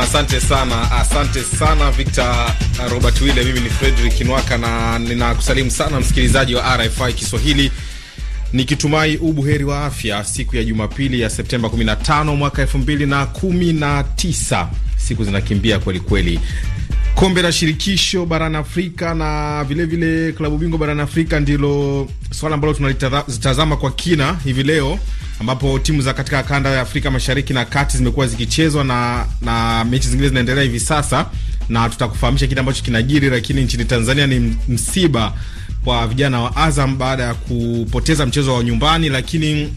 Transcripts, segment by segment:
asante sana, asante sana Victor Robert Wile. Mimi ni Frederick Nwaka na ninakusalimu sana msikilizaji wa RFI Kiswahili nikitumai ubuheri wa afya siku ya Jumapili ya Septemba 15 mwaka 2019. Siku zinakimbia kwelikweli kweli kombe la shirikisho barani Afrika na vilevile klabu bingwa barani Afrika ndilo swala ambalo tunalitazama kwa kina hivi leo, ambapo timu za katika kanda ya Afrika mashariki na kati zimekuwa zikichezwa na, na mechi zingine zinaendelea hivi sasa, na tutakufahamisha kile ambacho kinajiri. Lakini nchini Tanzania ni msiba kwa vijana wa Azam baada ya kupoteza mchezo wa nyumbani, lakini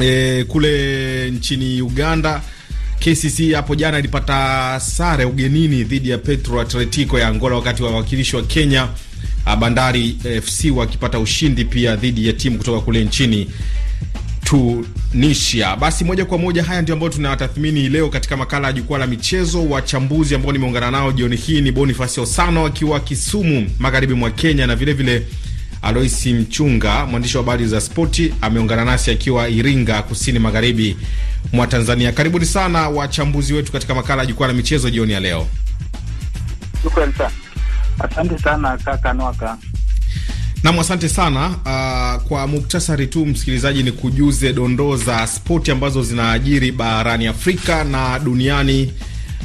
eh, kule nchini Uganda KCC hapo jana ilipata sare ugenini dhidi ya Petro Atletico ya Angola, wakati wa wawakilishi wa Kenya ah, Bandari eh, FC wakipata ushindi pia dhidi ya timu kutoka kule nchini Tunisia. Basi moja kwa moja, haya ndio ambayo tunatathmini leo katika makala ya jukwaa la michezo. Wachambuzi ambao nimeungana nao jioni hii ni Bonifasi Osano akiwa Kisumu, magharibi mwa Kenya, na vilevile Aloisi Mchunga, mwandishi wa habari za spoti, ameungana nasi akiwa Iringa, kusini magharibi mwa Tanzania. Karibuni sana wachambuzi wetu katika makala ya jukwaa la michezo jioni ya leo. Asante sana kaka Nwaka. Nam, asante sana uh, kwa muktasari tu msikilizaji, ni kujuze dondoo za spoti ambazo zinaajiri barani Afrika na duniani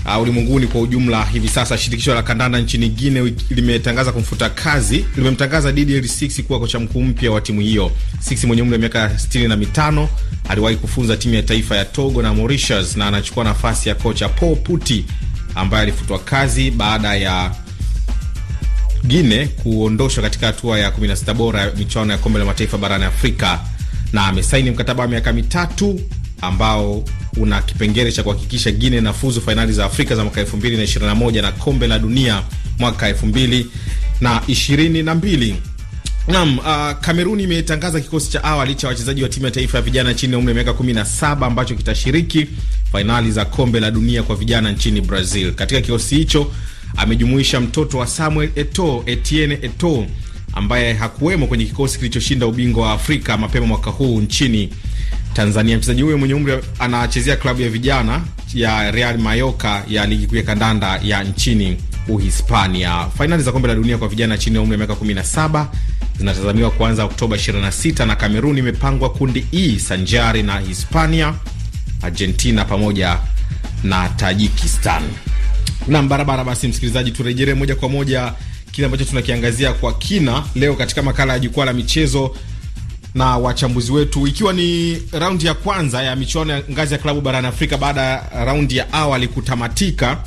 uh, ulimwenguni kwa ujumla. Hivi sasa shirikisho la kandanda nchini guine limetangaza kumfuta kazi, limemtangaza Didier Six kuwa kocha mkuu mpya wa timu hiyo. Six mwenye umri wa miaka sitini na mitano aliwahi kufunza timu ya taifa ya Togo na Mauritius na anachukua nafasi ya kocha Paul Puti ambaye alifutwa kazi baada ya guine kuondoshwa katika hatua ya 16 bora ya michuano ya kombe la mataifa barani Afrika, na amesaini mkataba wa miaka mitatu ambao una kipengele cha kuhakikisha Guinea inafuzu fainali za Afrika za mwaka 2021 na kombe la dunia mwaka 2022. Naam, uh, Kamerun imetangaza kikosi cha awali cha wachezaji wa timu ya taifa ya vijana chini ya umri wa miaka 17 ambacho kitashiriki fainali za kombe la dunia kwa vijana nchini Brazil. Katika kikosi hicho amejumuisha mtoto wa Samuel Eto, Etienne Eto ambaye hakuwemo kwenye kikosi kilichoshinda ubingwa wa Afrika mapema mwaka huu nchini Tanzania. Mchezaji huyo mwenye umri anachezea klabu ya vijana ya Real Mallorca ya ligi kuu ya kandanda ya nchini Uhispania. Fainali za kombe la dunia kwa vijana chini ya umri wa miaka 17 zinatazamiwa kuanza Oktoba 26 na Kamerun imepangwa kundi E sanjari na Hispania, Argentina pamoja na Tajikistan. Nam barabara. Basi msikilizaji, turejelee moja kwa moja kile ambacho tunakiangazia kwa kina leo katika makala ya jukwaa la michezo na wachambuzi wetu, ikiwa ni raundi ya kwanza ya michuano ya ngazi ya klabu barani Afrika baada ya raundi ya awali kutamatika.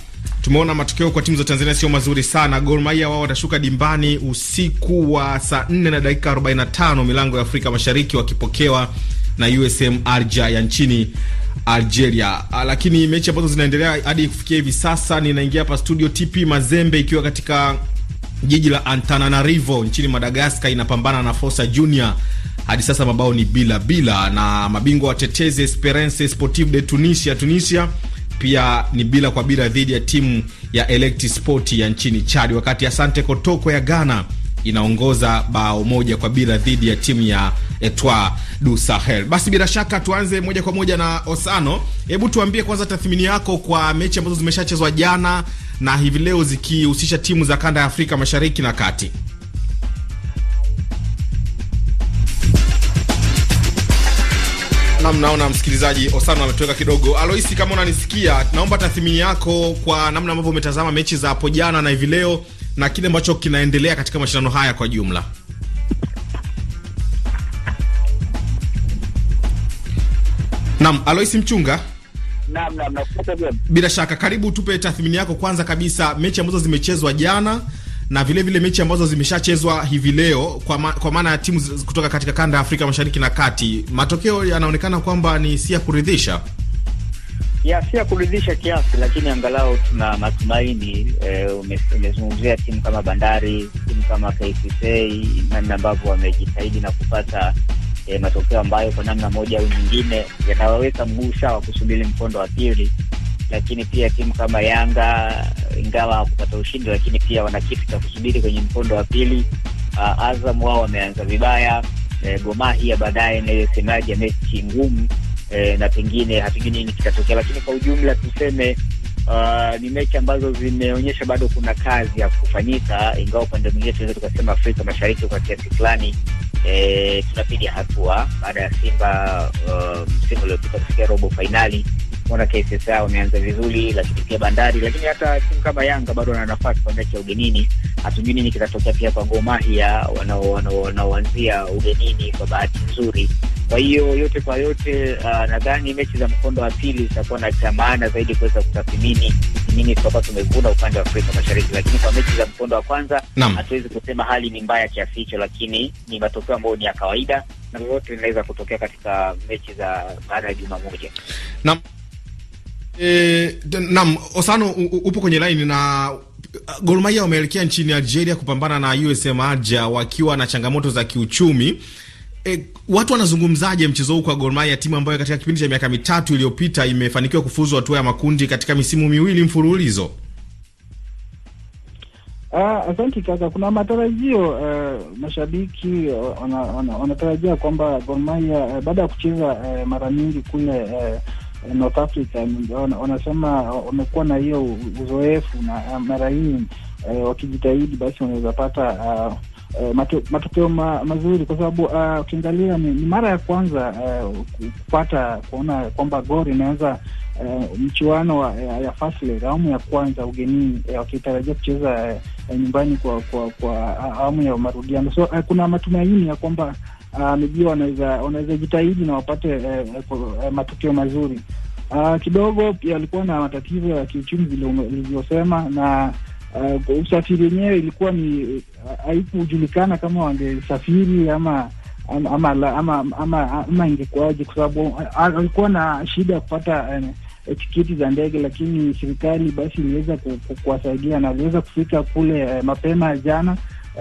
Tumeona matokeo kwa timu za Tanzania sio mazuri sana. Gor Mahia wao watashuka dimbani usiku wa saa 4 na dakika 45 milango ya Afrika Mashariki, wakipokewa na USM Alger ya nchini Algeria. Ah, lakini mechi ambazo zinaendelea hadi kufikia hivi sasa, ninaingia hapa studio, TP Mazembe ikiwa katika jiji la Antananarivo nchini Madagaskar inapambana na Fosa Junior hadi sasa mabao ni bila bila, na mabingwa watetezi Esperance Sportive de Tunisia Tunisia pia ni bila kwa bila dhidi ya timu ya Electi Sport ya nchini Chad, wakati Asante Kotoko ya Ghana inaongoza bao moja kwa bila dhidi ya timu ya Etoile du Sahel. Basi bila shaka tuanze moja kwa moja na Osano. Hebu tuambie kwanza tathmini yako kwa mechi ambazo zimeshachezwa jana na hivi leo zikihusisha timu za kanda ya Afrika Mashariki na Kati. na mnaona, msikilizaji Osano ametuweka kidogo. Aloisi, kama unanisikia, naomba tathmini yako kwa namna ambavyo umetazama mechi za hapo jana na hivi leo na kile ambacho kinaendelea katika mashindano haya kwa jumla. nam Aloisi Mchunga. nakupata vyema. bila shaka, karibu tupe tathmini yako kwanza kabisa mechi ambazo zimechezwa jana na vile vile mechi ambazo zimeshachezwa hivi leo, kwa ma, kwa maana ya timu kutoka katika kanda ya Afrika Mashariki na Kati, matokeo yanaonekana kwamba ni si ya kuridhisha ya si ya kuridhisha kiasi, lakini angalau tuna matumaini e, Umezungumzia timu kama Bandari, timu kama KCCA, namna ambavyo wamejitahidi na kupata e, matokeo ambayo kwa namna moja au nyingine yanawaweka mguu sawa kusubiri mkondo wa pili lakini pia timu kama Yanga ingawa kupata ushindi, lakini pia wana kitu cha kusubiri kwenye mkondo wa pili. Uh, Azam wao wameanza vibaya eh, Gor baadaye nayosemaji ya mechi ngumu eh, na pengine hatujui nini kitatokea, lakini kwa ujumla tuseme Uh, ni mechi ambazo zimeonyesha bado kuna kazi ya kufanyika, ingawa upande mwingine tunaweza tukasema Afrika Mashariki kwa kiasi fulani e, tunapiga hatua baada ya Simba uh, msimu uliopita kufikia robo fainali Mbona KCCA wameanza vizuri, lakini pia Bandari, lakini hata timu kama Yanga bado wana nafasi kwa mechi ya ugenini. Hatujui nini kitatokea pia kwa Gor Mahia wanaoanzia ugenini kwa bahati nzuri. Kwa hiyo yote kwa yote, uh, nadhani mechi za mkondo wa pili zitakuwa na cha maana zaidi kuweza kutathmini nini tutakuwa tumevuna upande wa Afrika Mashariki, lakini kwa mechi za mkondo wa kwanza hatuwezi kusema hali ni mbaya kiasi hicho, lakini ni matokeo ambayo ni ya kawaida na lolote linaweza kutokea katika mechi za baada ya juma moja. Naam. E, eh, nam Osano upo kwenye line na uh, Gor Mahia wameelekea nchini Algeria kupambana na USM Alger wakiwa na changamoto za kiuchumi. E, watu wanazungumzaje mchezo huu kwa Gor Mahia, timu ambayo katika kipindi cha miaka mitatu iliyopita imefanikiwa kufuzu hatua ya makundi katika misimu miwili mfululizo? Ah, asante kaka. Kuna matarajio uh, mashabiki wanatarajia kwamba Gor Mahia uh, baada ya kucheza uh, mara nyingi kule uh, North Africa wanasema wamekuwa na hiyo uzoefu, na mara hii eh, wakijitahidi basi wanaweza pata uh, eh, eh matokeo ma, mazuri kwa sababu ah, ukiangalia uh, ni, ni mara ya kwanza uh, kupata kuona kwamba Gor inaweza uh, eh, mchuano wa, ya, ya awamu ya kwanza ugenini wakitarajia kucheza uh, nyumbani kwa kwa kwa ah, awamu ya marudiano so uh, kuna matumaini ya kwamba Ah, amejua wanaweza jitahidi na wapate uh, uh, matokeo mazuri. Uh, kidogo yalikuwa na matatizo ya kiuchumi vilivyosema, na uh, usafiri wenyewe ilikuwa ni haikujulikana uh, kama wangesafiri ama ama ama, ama, ama, ingekuwaje, kwa sababu ah, alikuwa na shida ya kupata uh, tikiti za ndege, lakini serikali basi iliweza kuwasaidia na aliweza kufika kule uh, mapema jana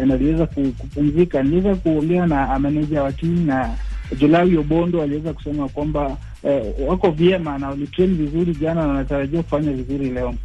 naliweza kupumzika. Niliweza kuongea na ah, maneja wa timu na julai Obondo aliweza kusema kwamba eh, wako vyema na walitreni vizuri jana na wanatarajia kufanya vizuri leo.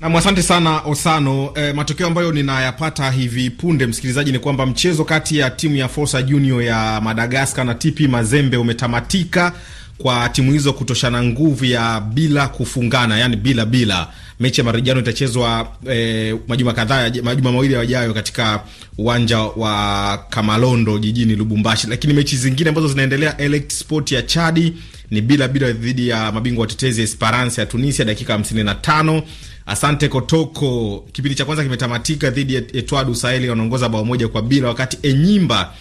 Nam, asante sana Osano. E, matokeo ambayo ninayapata hivi punde, msikilizaji, ni kwamba mchezo kati ya timu ya Fosa Junior ya Madagaskar na TP Mazembe umetamatika kwa timu hizo kutoshana nguvu ya bila kufungana, yani bila bila. Mechi ya marejano itachezwa e, majuma kadhaa, majuma mawili yajayo katika uwanja wa Kamalondo jijini Lubumbashi. Lakini mechi zingine ambazo zinaendelea, Elect Sport ya Chadi ni bila bila dhidi ya mabingwa watetezi Esperance ya Tunisia, dakika 55. Asante Kotoko, kipindi cha kwanza kimetamatika dhidi ya Etwadu Saheli, wanaongoza bao moja kwa bila, wakati Enyimba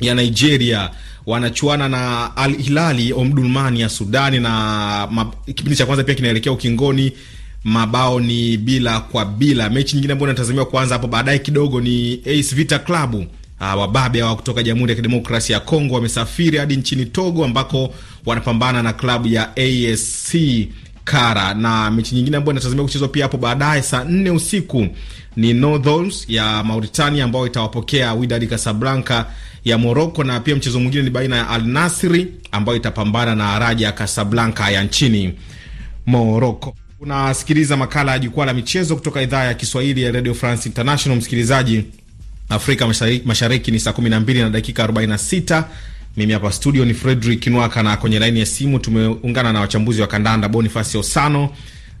ya Nigeria wanachuana na Al Hilali Omdurman ya Sudani, na kipindi cha kwanza pia kinaelekea ukingoni mabao ni bila kwa bila. Mechi nyingine ambayo inatazamiwa kuanza hapo baadaye kidogo ni AS Vita Club ah, wababe hawa kutoka Jamhuri ya Kidemokrasia ya Kongo wamesafiri hadi nchini Togo ambako wanapambana na klabu ya ASC Kara. Na mechi nyingine ambayo inatazamiwa kuchezwa pia hapo baadaye saa nne usiku ni Northols ya Mauritania ambao itawapokea Wydad Casablanca ya Morocco, na pia mchezo mwingine ni baina ya Al nassr ambayo itapambana na Raja Casablanca ya nchini Morocco. Unasikiliza makala ya jukwaa la michezo kutoka idhaa ya Kiswahili ya Radio France International. Msikilizaji, Afrika Mashariki, mashariki ni saa 12 na dakika 46 mimi hapa studio ni Fredrick Nwaka, na kwenye laini ya simu tumeungana na wachambuzi wa kandanda Bonifasi Osano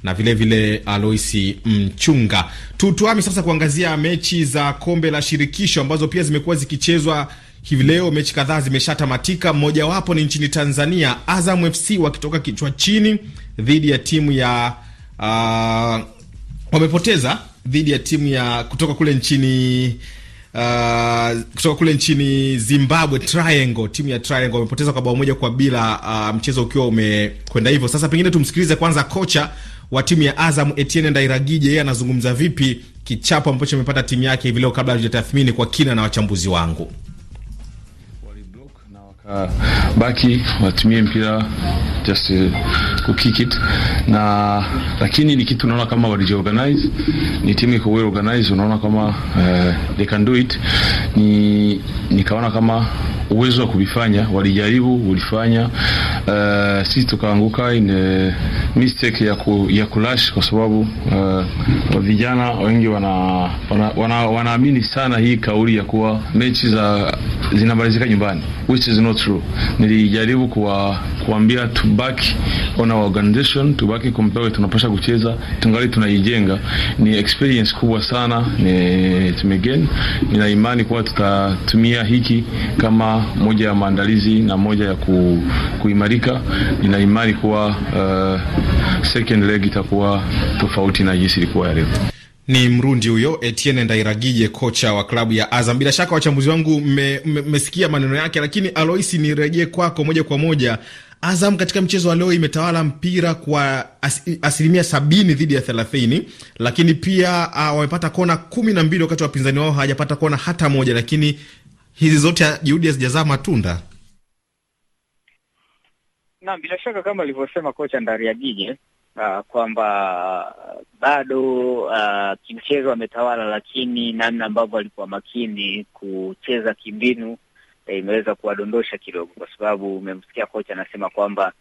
na vilevile Aloisi Mchunga. Tutuami sasa kuangazia mechi za kombe la shirikisho ambazo pia zimekuwa zikichezwa hivi leo. Mechi kadhaa zimeshatamatika, mmojawapo ni nchini Tanzania, Azam FC wakitoka kichwa chini dhidi ya timu ya uh, wamepoteza dhidi ya timu ya kutoka kule nchini uh, kutoka kule nchini Zimbabwe, Triangle, timu ya Triangle wamepoteza kwa bao moja kwa bila, uh, mchezo ukiwa umekwenda hivyo. Sasa pengine tumsikilize kwanza kocha wa timu ya Azam Etienne Ndairagije, yeye anazungumza vipi kichapo ambacho amepata timu yake hivi leo, kabla hatujatathmini kwa kina na wachambuzi wangu. Uh, baki watumie mpira just uh, kick it na, lakini ni kitu unaona kama waliji organize, ni timu iko well organize, unaona kama uh, they can do it. Ni nikaona kama uwezo wa kuvifanya, walijaribu ulifanya. Uh, sisi tukaanguka in eh, mistake ya, ku, ya kulash kwa sababu uh, vijana wengi wanaamini wana, wana, wana sana hii kauli ya kuwa mechi za zinamalizika nyumbani which is not true. Nilijaribu kuwa, kuambia tubaki on our organization, tubaki kumpewe, tunapasha kucheza tungali tunaijenga. Ni experience kubwa sana, ni tumegain. Nina imani kuwa tutatumia hiki kama moja ya maandalizi na moja ya ku, kuimarika. Nina imani kuwa uh, second leg itakuwa tofauti na jinsi ilikuwa ya leo. Ni Mrundi huyo Etienne Ndairagije, kocha wa klabu ya Azam. Bila shaka wachambuzi wangu mmesikia me, me, maneno yake, lakini Aloisi, nirejee kwako moja kwa moja. Azam katika mchezo wa leo imetawala mpira kwa as, asilimia sabini dhidi ya thelathini, lakini pia uh, wamepata kona kumi na mbili wakati wapinzani wao hawajapata kona hata moja, lakini hizi zote juhudi hazijazaa matunda. Naam, bila shaka kama alivyosema kocha Ndaria Gige uh, ah, kwamba bado uh, kimchezo ametawala, lakini namna ambavyo alikuwa makini kucheza kimbinu eh, imeweza kuwadondosha kidogo, kwa sababu umemsikia kocha anasema kwamba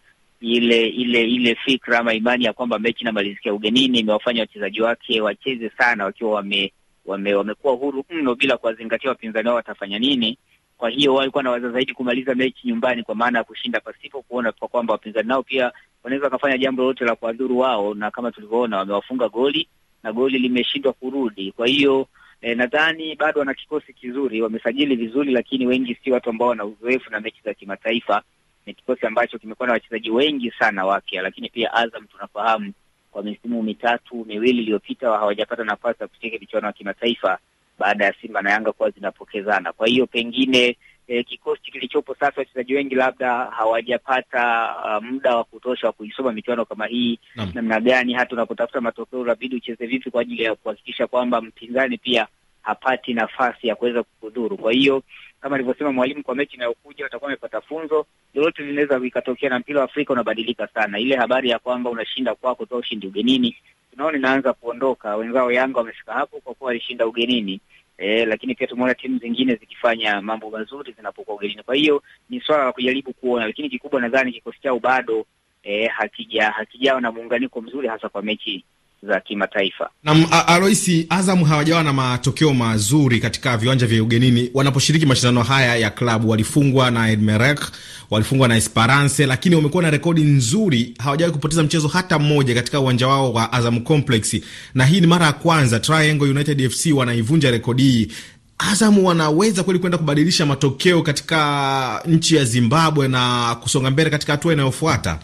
ile ile ile fikra ama imani ya kwamba mechi inamalizikia ugenini imewafanya wachezaji wake wacheze sana wakiwa wame wame, wamekuwa huru mno bila kuwazingatia wapinzani wao watafanya nini. Kwa hiyo walikuwa na waza zaidi kumaliza mechi nyumbani, kwa maana ya kushinda pasipo kuona kwa kwamba wapinzani nao pia wanaweza wakafanya jambo lolote la kuwadhuru wao, na kama tulivyoona wamewafunga goli na goli limeshindwa kurudi. Kwa hiyo eh, nadhani bado wana kikosi kizuri, wamesajili vizuri, lakini wengi si watu ambao wana uzoefu na mechi za kimataifa. Ni kikosi ambacho kimekuwa na wachezaji wengi sana wapya, lakini pia Azam tunafahamu kwa misimu mitatu miwili iliyopita hawajapata nafasi ya kucheka michuano ya kimataifa baada ya Simba na Yanga kuwa zinapokezana. Kwa hiyo pengine eh, kikosi kilichopo sasa, wachezaji wengi labda hawajapata uh, muda wa kutosha wa kuisoma michuano kama hii namna gani, hata unapotafuta matokeo unabidi ucheze vipi kwa ajili ya kuhakikisha kwamba mpinzani pia hapati nafasi ya kuweza kukudhuru. Kwa hiyo kama alivyosema mwalimu, kwa mechi inayokuja watakuwa wamepata funzo. Lolote linaweza ikatokea, na mpira wa Afrika unabadilika sana. Ile habari ya kwamba unashinda kwako, kutoa ushindi ugenini, tunaona inaanza kuondoka. Wenzao Yanga wamefika hapo kwa kuwa walishinda ugenini. E, lakini pia tumeona timu zingine zikifanya mambo mazuri zinapokuwa ugenini. Kwa hiyo ni swala la kujaribu kuona, lakini kikubwa nadhani kikosi chao bado e, hakija hakijawa na muunganiko mzuri hasa kwa mechi za kimataifa. Nam Aloisi, Azam hawajawa na matokeo mazuri katika viwanja vya ugenini wanaposhiriki mashindano haya ya klabu. Walifungwa na Edmerek, walifungwa na Esperance, lakini wamekuwa na rekodi nzuri, hawajawahi kupoteza mchezo hata mmoja katika uwanja wao wa Azam Complex, na hii ni mara ya kwanza Triangle United FC wanaivunja rekodi hii. Azam wanaweza kweli kwenda kubadilisha matokeo katika nchi ya Zimbabwe na kusonga mbele katika hatua inayofuata?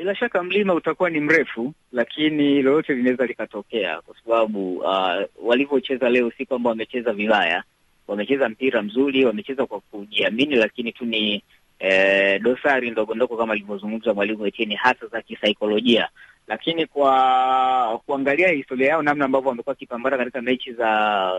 Bila shaka mlima utakuwa ni mrefu, lakini lolote linaweza likatokea, kwa sababu uh, walivyocheza leo si kwamba wamecheza vibaya, wamecheza mpira mzuri, wamecheza kwa kujiamini, lakini tu ni eh, dosari ndogo ndogo kama alivyozungumza mwalimu Etienne, hasa za kisaikolojia. Lakini kwa kuangalia historia yao, namna ambavyo wamekuwa wakipambana katika mechi za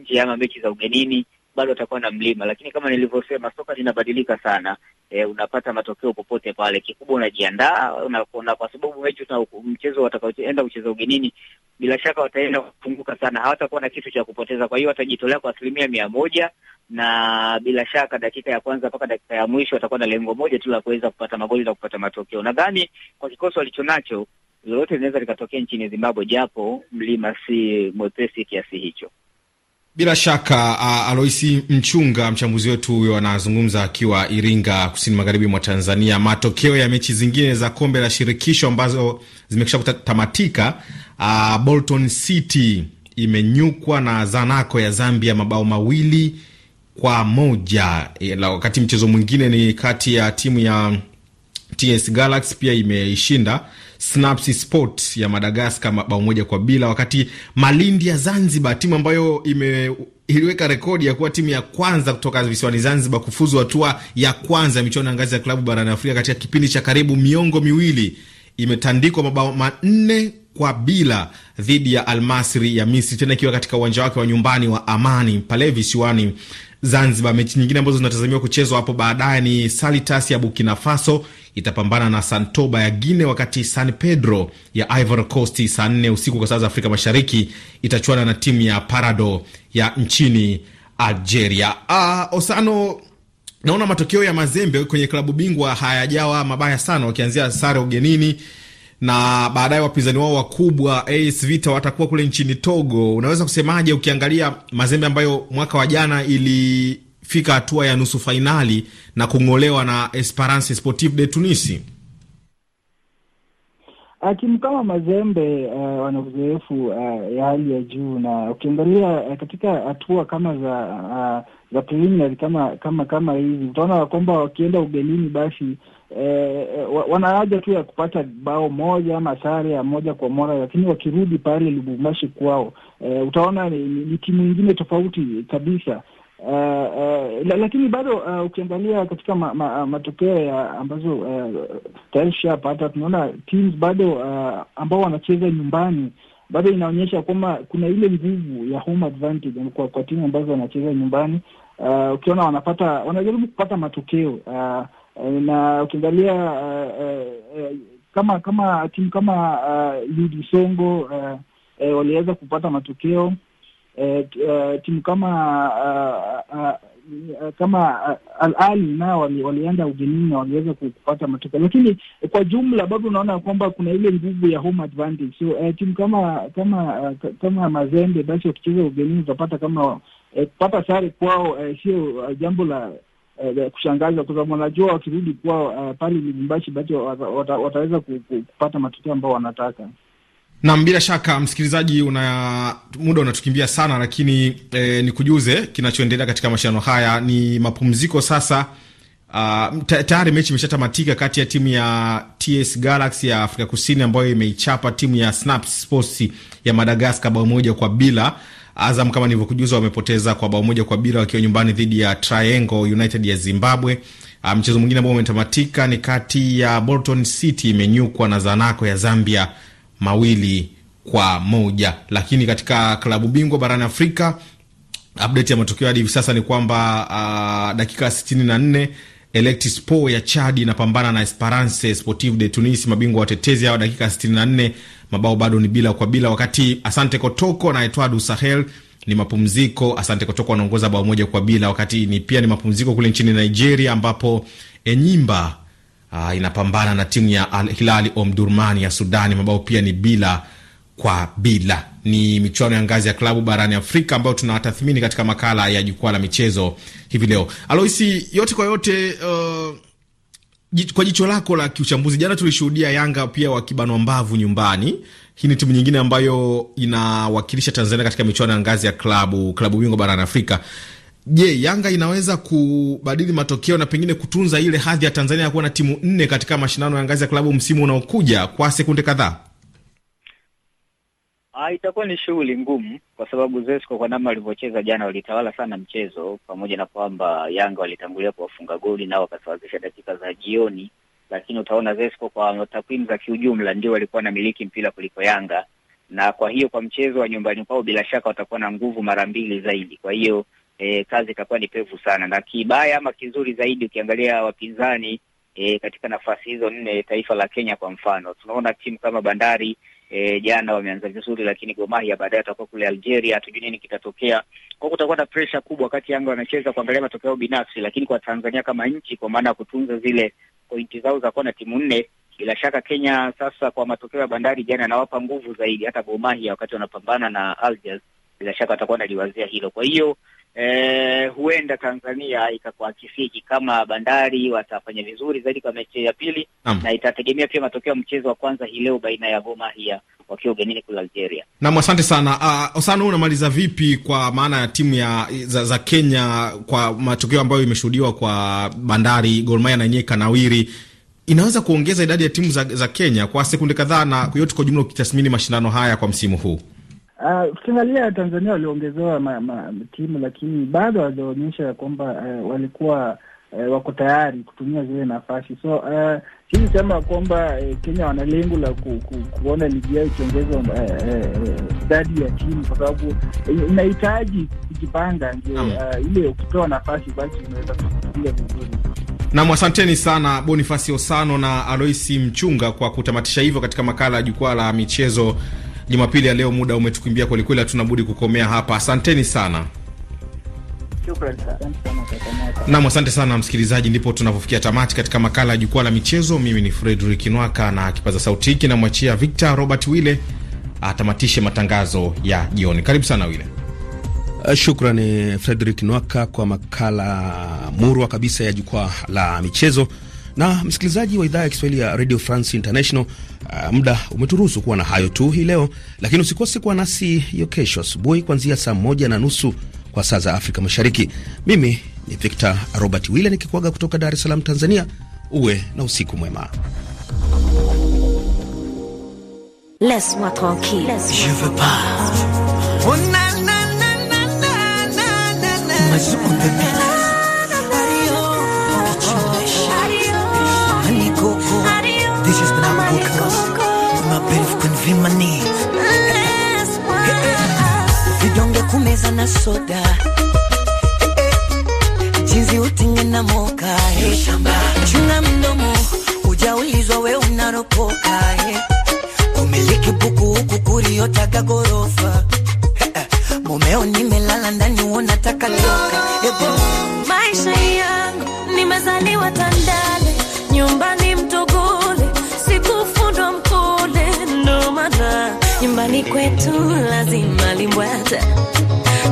nje ama mechi za ugenini bado atakuwa na mlima, lakini kama nilivyosema, soka linabadilika sana. E, unapata matokeo popote pale, kikubwa unajiandaa una, una, kwa sababu mechi na mchezo watakaoenda kucheza ugenini, bila shaka wataenda kufunguka sana, hawatakuwa na kitu cha kupoteza. Kwa hiyo watajitolea kwa asilimia mia moja na bila shaka dakika ya kwanza mpaka dakika ya mwisho watakuwa na lengo moja tu la kuweza kupata magoli na kupata matokeo. Nadhani kwa kikosi walichonacho lolote linaweza likatokea nchini Zimbabwe, japo mlima si mwepesi kiasi hicho. Bila shaka uh, Aloisi Mchunga, mchambuzi wetu huyo, anazungumza akiwa Iringa, kusini magharibi mwa Tanzania. Matokeo ya mechi zingine za kombe la shirikisho ambazo zimekisha kutamatika, uh, Bolton City imenyukwa na Zanaco ya Zambia mabao mawili kwa moja, e, wakati mchezo mwingine ni kati ya timu ya TS Galaxy pia imeishinda Sport ya Madagaskar mabao moja kwa bila, wakati Malindi ya Zanzibar, timu ambayo ime iliweka rekodi ya kuwa timu ya kwanza kutoka visiwani Zanzibar kufuzu hatua ya kwanza ya michuano ya ngazi ya klabu barani Afrika katika kipindi cha karibu miongo miwili imetandikwa mabao manne kwa bila dhidi ya Almasri ya Misri, tena ikiwa katika uwanja wake wa nyumbani wa Amani pale visiwani Zanzibar. Mechi nyingine ambazo zinatazamiwa kuchezwa hapo baadaye ni Salitas ya Burkina Faso itapambana na Santoba ya Guine, wakati San Pedro ya Ivory Coast saa nne usiku kwa saa za Afrika Mashariki itachuana na timu ya Parado ya nchini Algeria. Ah, Osano, naona matokeo ya mazembe kwenye klabu bingwa hayajawa mabaya sana, wakianzia sare ugenini na baadaye wapinzani wao wakubwa AS Vita watakuwa kule nchini Togo. Unaweza kusemaje ukiangalia Mazembe ambayo mwaka wa jana ilifika hatua ya nusu fainali na kung'olewa na Esperance Sportive de Tunisi? kama Mazembe uh, wana uzoefu uh, ya hali ya juu, na ukiangalia uh, katika hatua kama za uh, za preliminary kama kama kama hizi utaona kwamba wakienda ugenini basi eh, wana haja tu ya kupata bao moja ama sare ya moja kwa moja, lakini wakirudi pale Lubumbashi kwao eh, utaona ni, ni, ni timu ingine tofauti kabisa. Uh, uh, lakini bado uh, ukiangalia katika ma, ma, matokeo ya ambazo uh, tayari tunaona teams bado uh, ambao wanacheza nyumbani bado inaonyesha kwamba kuna ile nguvu ya home advantage kwa, kwa timu ambazo wanacheza nyumbani uh, ukiona wanapata wanajaribu kupata matokeo uh, na ukiangalia uh, uh, kama kama timu kama UD Songo uh, uh, waliweza kupata matokeo Eh, eh, timu kama uh, uh, kama alali Al Ahly nao walienda wali ugenini na waliweza kupata matokeo, lakini kwa jumla bado unaona kwamba kuna ile nguvu ya home advantage. So uh, timu kama kama uh, kama Mazembe basi wakicheza ugenini utapata kama kupata uh, sare kwao sio uh, jambo la kushangaza kwa sababu wanajua wakirudi kwao uh, pale Lubumbashi basi wataweza wata, wata kupata matokeo ambao wanataka. Nam, bila shaka msikilizaji, una muda unatukimbia sana, lakini e, nikujuze kinachoendelea katika mashindano haya. Ni mapumziko sasa. Uh, tayari mechi imeshatamatika kati ya timu ya TS Galaxy ya Afrika Kusini ambayo imeichapa timu ya Snap Sports ya Madagascar bao moja kwa bila. Azam kama nilivyokujuza, wamepoteza kwa bao moja kwa bila wakiwa nyumbani dhidi ya Triangle United ya Zimbabwe. Uh, mchezo mwingine ambao umetamatika ni kati ya Bolton City imenyukwa na Zanaco ya Zambia mawili kwa moja. Lakini katika klabu bingwa barani Afrika, update ya matokeo hadi hivi sasa ni kwamba uh, dakika 64 Electispo ya Chad inapambana na Esperance Sportive de Tunis, mabingwa watetezi hawa. Dakika 64 mabao bado ni bila kwa bila, wakati Asante Kotoko na Etoile du Sahel ni mapumziko. Asante Kotoko wanaongoza bao moja kwa bila, wakati ni pia ni mapumziko kule nchini Nigeria ambapo Enyimba uh, inapambana na timu ya Al Hilali Omdurmani ya Sudani, mabao pia ni bila kwa bila. Ni michuano ya ngazi ya klabu barani Afrika ambayo tunawatathmini katika makala ya jukwaa la michezo hivi leo. Aloisi, yote kwa yote, uh, kwa jicho lako la kiuchambuzi, jana tulishuhudia Yanga pia wakibanwa mbavu nyumbani. Hii ni timu nyingine ambayo inawakilisha Tanzania katika michuano ya ngazi ya klabu klabu bingwa barani Afrika. Je, Yanga inaweza kubadili matokeo na pengine kutunza ile hadhi ya Tanzania ya kuwa na timu nne katika mashindano ya ngazi ya klabu msimu unaokuja kwa sekunde kadhaa? Ah, itakuwa ni shughuli ngumu kwa sababu Zesco kwa namna walivyocheza jana walitawala sana mchezo, pamoja na kwamba Yanga walitangulia kuwafunga goli nao wakasawazisha dakika za jioni, lakini utaona Zesco kwa takwimu za kiujumla ndio walikuwa na miliki mpira kuliko Yanga, na kwa hiyo kwa mchezo wa nyumbani kwao bila shaka watakuwa na nguvu mara mbili zaidi. Kwa hiyo e, kazi itakuwa ni pevu sana, na kibaya ama kizuri zaidi, ukiangalia wapinzani e, katika nafasi hizo nne, taifa la Kenya kwa mfano, tunaona timu kama Bandari e, jana wameanza vizuri, lakini Gor Mahia baadaye atakuwa kule Algeria, hatujui nini kitatokea. Kwa kutakuwa na presha kubwa wakati Yanga wanacheza kuangalia matokeo binafsi, lakini kwa Tanzania kama nchi, kwa maana ya kutunza zile pointi zao za kuwa na timu nne bila shaka Kenya sasa, kwa matokeo ya Bandari jana, anawapa nguvu zaidi hata Gor Mahia wakati wanapambana na Algiers bila shaka watakuwa wanaliwazia hilo. Kwa hiyo eh, huenda Tanzania ikakuwa kama Bandari watafanya vizuri zaidi kwa mechi ya pili Am. na itategemea pia matokeo ya mchezo wa kwanza hii leo baina ya Gor Mahia wakiwa ugenini kule Algeria. Naam, asante sana uh, ah, Osano, unamaliza vipi kwa maana ya timu ya za, za Kenya kwa matokeo ambayo imeshuhudiwa kwa Bandari, Gor Mahia na yenyewe kanawiri inaweza kuongeza idadi ya timu za, za Kenya kwa sekunde kadhaa na yote kwa jumla ukitathmini mashindano haya kwa msimu huu Uh, Tanzania waliongezewa timu lakini bado hawajaonyesha kwamba uh, walikuwa uh, wako tayari kutumia zile nafasi, so eh, hii uh, ya kwamba uh, Kenya wana lengo la ku, ku, kuona ligi yao ikiongezwa idadi uh, uh, ya timu kwa sababu uh, inahitaji kujipanga, ndio uh, ile ukitoa nafasi basi unaweza kuia vizuri. Nam, asanteni sana Bonifasi Osano na Aloisi Mchunga kwa kutamatisha hivyo katika makala ya jukwaa la michezo Jumapili ya leo, muda umetukimbia kwelikweli, hatunabudi kukomea hapa. Asanteni sana. Nam, asante sana msikilizaji, ndipo tunapofikia tamati katika makala ya jukwaa la michezo. Mimi ni Fredrik Nwaka na kipaza sauti hiki namwachia Victor Robert Wille atamatishe matangazo ya jioni. Karibu sana Wille. Eh, shukrani Fredrik Nwaka kwa makala murwa kabisa ya jukwaa la michezo. Na msikilizaji wa idhaa ya Kiswahili ya Radio France International, uh, muda umeturuhusu kuwa na hayo tu hii leo, lakini usikose kuwa nasi hiyo kesho asubuhi kuanzia saa moja na nusu kwa saa za Afrika Mashariki. Mimi ni Victor Robert Wille nikikuaga kutoka Dar es Salaam, Tanzania. Uwe na usiku mwema. meza na soda eh, jinsi utinge na moka eh, chunga mdomo ujaulizwa we unaropoka eh, umiliki buku huku kuriotaga gorofa eh, mumeo nimelala ndani uonataka loka eh. maisha yangu nimezaliwa Tandale nyumbani nyumbani kwetu lazima limbwata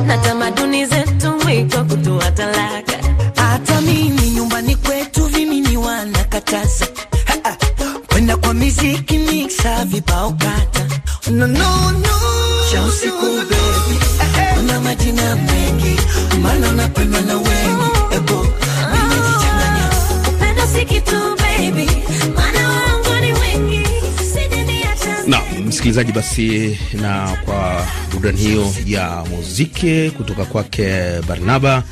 na tamaduni zetu wiko kutoa talaka. Hata mimi nyumbani kwetu vimimi wanakataza kwenda kwa miziki miksa vibao kata no, no, no. cha usiku bebi una majina mengi mana unapendwa na wengi ebo nimejichanganya upendo si kitu bebi mana wangu msikilizaji, basi na kwa burudani hiyo ya muziki kutoka kwake Barnaba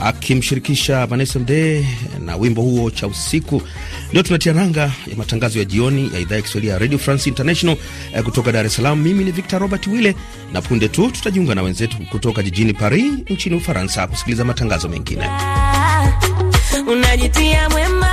akimshirikisha Vanessa Mde na wimbo huo cha usiku, ndio tunatia nanga ya matangazo ya jioni ya idhaa ya Kiswahili ya Radio France International eh, kutoka Dar es Salaam. Mimi ni Victor Robert Wille, na punde tu tutajiunga na wenzetu kutoka jijini Paris nchini Ufaransa kusikiliza matangazo mengine. Unajitia mwema